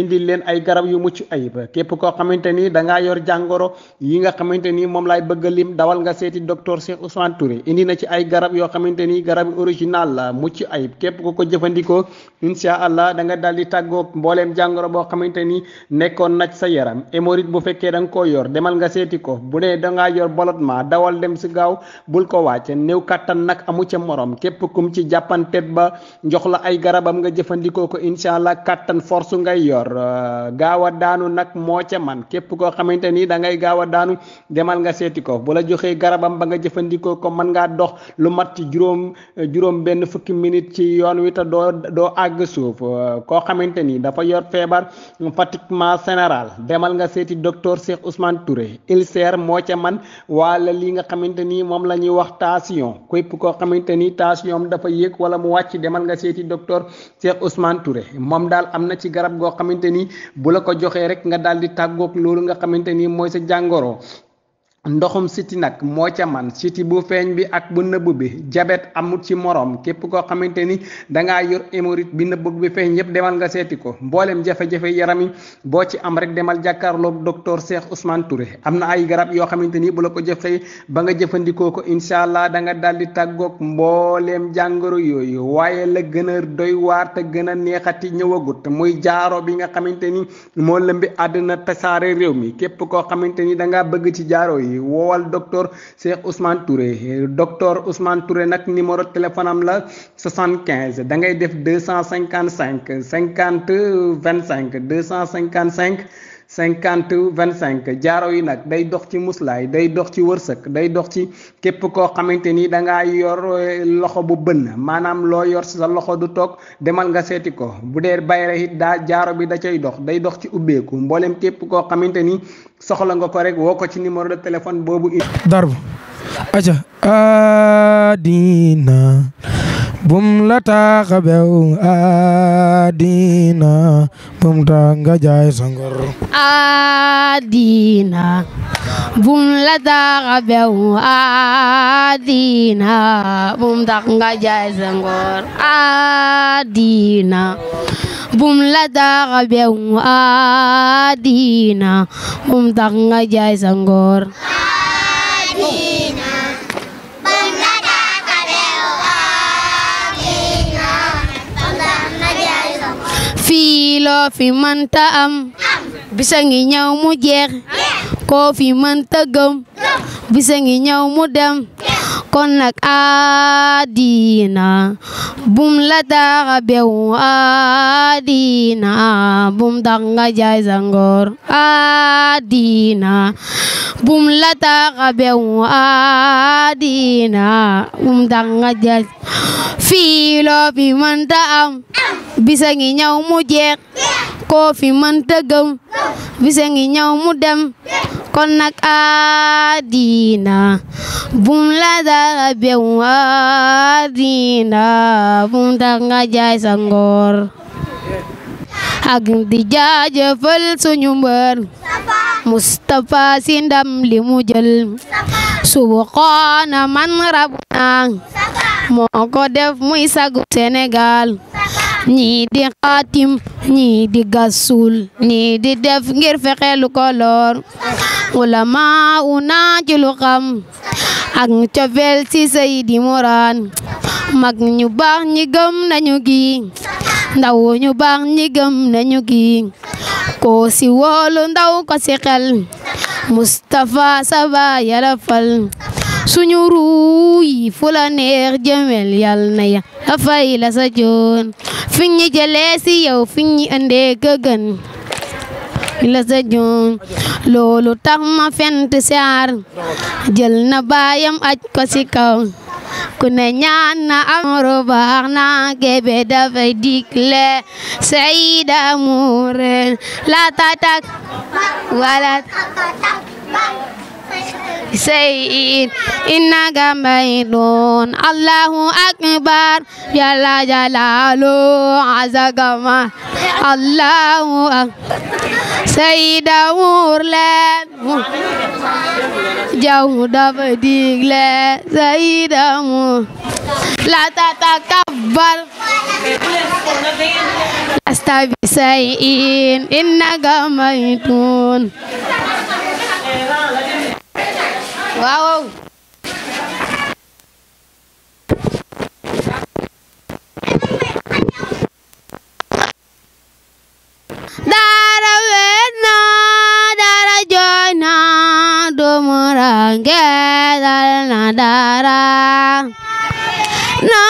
indil leen ay garab yu mucc ayib képp koo xamante ni da ngaa yor jàngoro yi nga xamante ni moom laay bëgg lim dawal nga seeti docteur Cheikh Ousmane Touré indi na ci ay garab yoo xamante ni garab original la mucc ayib képp ko ko jëfandikoo insha allah da nga daal di tàggoog mbooleem jàngoro boo xamante ni nekkoon na sa yaram hémorroïde bu fekkee da nga koo yor demal nga seeti ko bu ne da ngaa yor bolotement dawal dem si gaaw bul ko wàcce néew kattan nag amu ca morom képp kum ci jàppantet ba njox la ay garabam nga jëfandikoo ko insha allah kattan force ngay yor accord euh, gaaw a daanu nag moo ca man képp koo xamante nii da ngay gaaw a daanu demal nga seeti ko bu la joxee garabam ba nga jëfandikoo ko mën ngaa dox lu mat juróom euh, juróom benn fukki minute ci yoon wi te doo doo àgg suuf euh, koo xamante ni dafa yor feebar pratiquement général demal nga seeti docteur Cheikh Ousmane Touré ulcère moo ca man wala li nga xamante nii moom la ñuy wax tension képp koo xamante ni tension dafa yéeg wala mu wàcc demal nga seeti docteur Cheikh Ousmane xamante ni bu la ko joxee rek nga daal di tàggoog loolu nga xamante ni mooy sa jàngoro ndoxum siti nag moo ca man siti bu feeñ bi ak bu nëbb bi jabet amut ci moroom képp koo xamante ni dangaa yor hémorroïde bi nëbb bi feeñ yépp demal nga seeti ko mbooleem jafe-jafe yaram yi boo ci am rek demal jàkkaarloog docteur Cheikh Ousmane am na ay garab yoo xamante ni bu la ko jëfee ba nga jëfandikoo ko incha allah da nga daal di tàggoog mbooleem jàngoro yooyu waaye la gën a doy waar te gën a neexati ñëwagut muy jaaro bi nga xamante ni moo lëmbi àddina tasaare réew mi képp koo xamante ni dangaa bëgg ci jaaro yi bi woowal docteur Cheikh Touré docteur Ousmane Touré nag numéro téléphone am la 75 da ngay def deux cent cinquante cinquante cinq cinq deux cent cinquante cinq cinquante vingt cinq jaaro yi nag day dox ci muslaay day dox ci wërsëg day dox ci képp koo xamante ni da ngaa yor eh, loxo bu bënn maanaam loo yor sa loxo du toog demal nga seeti ko bu dee bayre it daa jaaro bi da cay dox day dox ci ubbeeku mboolem képp koo xamante ni soxla nga ko rek woo ko ci numéro de téléphone boobu. darbu aja adina bum la tax a bew àddina bum tax nga jaay sa ngor àddina bum la tax a bew àddina bum tax nga ngor àddina bum nga jaay sa ngor loo fi mënta am bisa ngi ñëw mu jeex koo fi mënta gëm bisa ngi ñëw mu dem kon nag aadina bum la daaga bew aadina bum danga jaay zangoor aadina bum la daaga bew aadina bum danga jaay fiilo bi mënta am bisa ngi ñaw mu jeex koo fi mënta bisa ngi ñaw mu dem kon nag adina bum la dara bew adina bum tax nga jaay sa ngor ak di jaajëfal suñu mbër Moustapha si ndam li mu jël subxaana man rabna moo ko def muy sagu Sénégal ñii di xaatim ñii di gasul ñii di def ngir fexe lu ko lor ulama una ci lu xam ak cofeel ci sayidi muraan mag ñu baax ñi gëm nañu gi ndaw ñu baax ñi gëm nañu gi ko si woolu ndaw ko si xel mustafa saba yàlla fal suñu ruuy fu la neex jëmel yal na ya fay la sa joon fiñ ñi jëlee si yow fiñ ñi andee la sa joon loolu tax ma fent saar jël na baayam aj ko si kaw ku ne ñaan na amoro baax na gebe dafay digle sayida muureen la tatak wala شيء إنك ميت الله أكبر جل جلاله عز جمال الله أكبر سيد مورلان جود بديغلا سيد مور لا تتكبر لست بشيء إنك ميت dal na dara na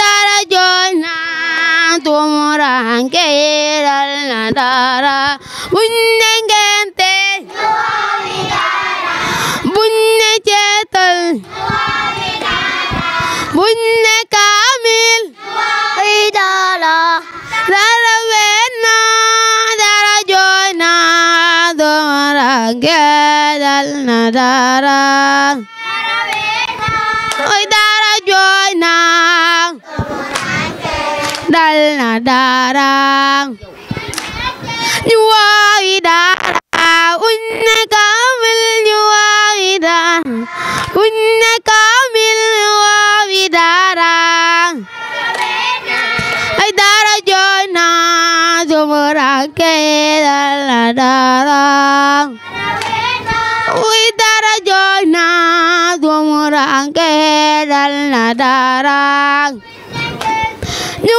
dara jooy na tumuranke dal na dara buñ ne ngente buñ ne ceetal buñ ne yal na daarang ñu waawi daara innaka amil ñu waawi daara innaka amil ñu waawi daara ay daara jooy na sumurake yal na daarang ay daara jooy na sumurake yal na daarang ñu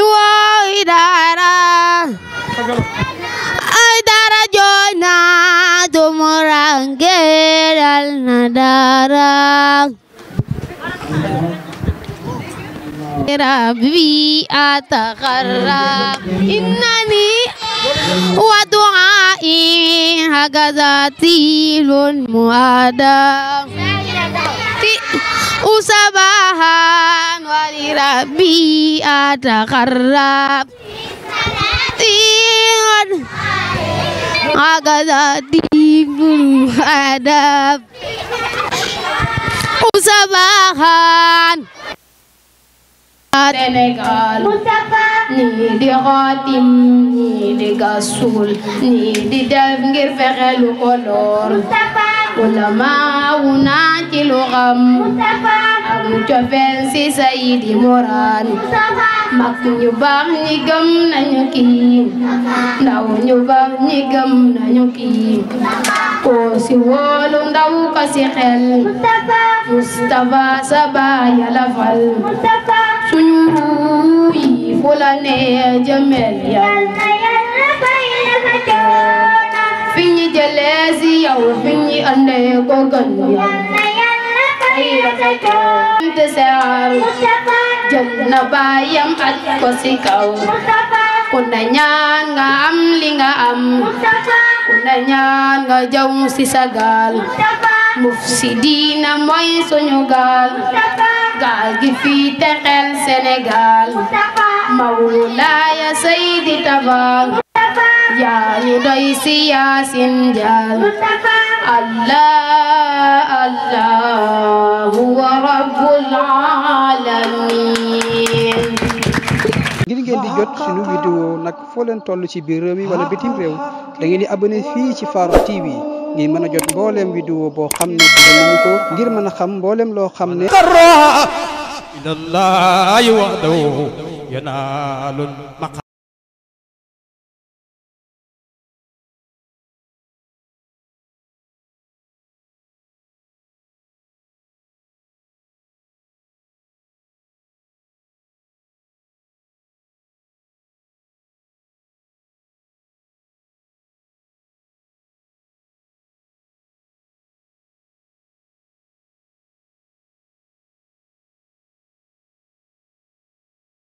juwooy daara ay daara jooy na tumurange dal na daara rabbi atakarra innani wa du'ai hagazati lun muada usabahan walirabi karab tingan Agada bulu adab usabahan Senegal Ni di khatim ni di gasul ni di def ngir fexelu ko lor ulamaawuna ci lu xam ak mu cofeel si sayidi mag ñu baax ñi gëm nañu kii ndaw ñu baax ñi gëm nañu kii ko si ndaw ko si Mustafa sa baaya la fal suñu ruuy nee jëmel yal fi ñi jëlee si yow fi ñi andee ko gën jël na baayam at ko si kaw ku na ñaan nga am li nga am ku na ñaan nga jaw si sa gaal mufsidiina mooy suñu gaal gaal gi fii texel Sénégal mawlaaya Seydi Taba yaa ñu doy si yaasin jaal allah allah huwa rabbul alamin ngir ngeen di jot suñu vidéo nag foo leen toll ci biir réew mi wala bitim réew da ngeen di abonné fii ci Farokh TV ngir mën a jot mbooleem vidéo boo xam ne dinañu ko ngir mën a xam mbooleem loo xam ne ilallahi wahdahu yanaalul maqaam